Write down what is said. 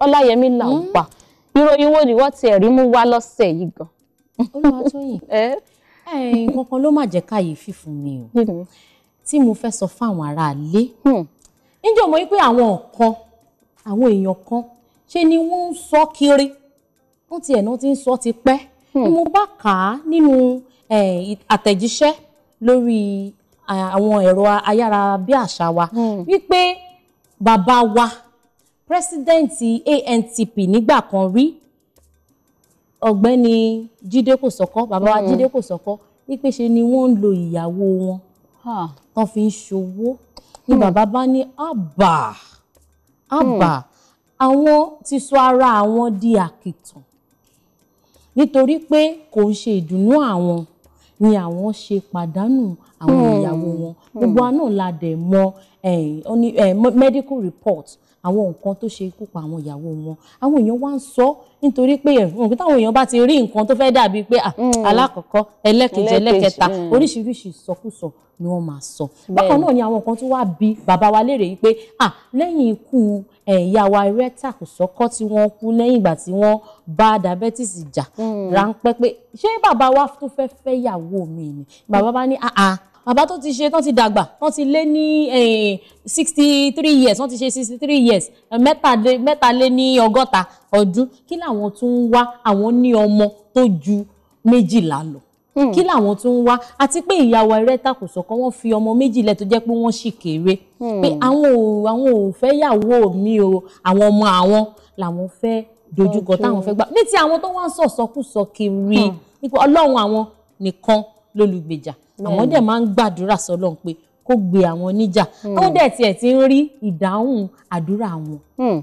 ọláyẹmí là ń hmm? pa ìròyìn wo ni wọ́n ti ẹ̀rí mú wá lọ́sẹ̀ yìí gan. olùwàtòyìn eh? eh, nǹkan kan ló má jẹ́ kàyéfì fún mi o tí mo fẹ́ sọ fáwọn aráalé níjọ́ hmm. mọ̀ pé àwọn kan àwọn èèyàn kan ṣe ni wọ́n ń sọ kiri wọ́n ti ẹ̀nà ti ń sọ ti pẹ́ ni hmm. mo bá kà á nínú eh, àtẹ̀jíṣẹ́ lórí àwọn ẹ̀rọ ayárabíàṣá wa wípé bàbá wa pírẹsidẹ́ǹtì ANTP nígbà kan rí ọ̀gbẹ́ni Jídé Kòsọ́kọ́ bàbá wa hmm. Jídé Kòsọ́kọ́ nípèsè ni wọ́n ń lo ìyàwó wọn tán fi ń ṣòwò ni hmm. bàbá bá ní àbà àbà hmm. àwọn ti sọ ara àwọn di àkìtàn nítorí pé kò ń ṣe ìdùnnú àwọn ni àwọn ṣe pàdánù àwọn ìyàwó wọn gbogbo àná la dẹ̀ mọ̀ medical report àwọn nǹkan tó ṣe ikú pa àwọn ìyàwó wọn àwọn èèyàn wá ń sọ nítorí pé nǹkan táwọn èèyàn bá ti rí nǹkan tó fẹ́ dàbí pé hmm. alákọ̀ọ́kọ́ ẹlẹ́kejì ẹlẹ́kẹta hmm. oríṣiríṣi ìsọkúsọ ni wọ́n máa sọ. bákan náà ni àwọn kan tó wá bi bàbá wa léèrè yìí pé ah lẹ́yìn ikú ìyá wa Rẹ́tà Kòsọ́kọ́ tí wọ́n kú lẹ́yìn ìgbà tí wọ́n bá diabetes jà hmm. ráńpẹ́ pé ṣé bàbá wa tó fẹ́ fẹ́ yàwó mi ni bàbá bá ní ah ah bàbá tó ti ṣe tán ti dàgbà tán ti lé ní eh, sixty three years wọ́n ti ṣe sixty three years mẹ́ta lé ní ọgọ́ta ọdún kí làwọn tún ń wá àwọn ní ọmọ tó ju méjìlá lọ hmm. kí làwọn tún ń wá àti pé ìyàwó ẹrẹ́ta kò sọ̀kan wọ́n fi ọmọ méjìlá tó jẹ́ pé wọ́n sì kéré hmm. pé àwọn ò àwọn ò fẹ́ yàwó mi o àwọn ọmọ àwọn làwọn fẹ́ dojúkọ táwọn fẹ́ gbà ní ti àwọn tó wá ń sọ̀sọ́kùsọ kiri hmm. ọlọ́run àwọn nìkan lólùgbèjà hmm. àwọn dẹ̀ máa ń gbàdúrà sọ́lọ́run pé kó gbé àwọn níjà àwọn hmm. dẹ̀ tiẹ̀ ti ń rí ìdáhùn àdúrà wọn. Hmm.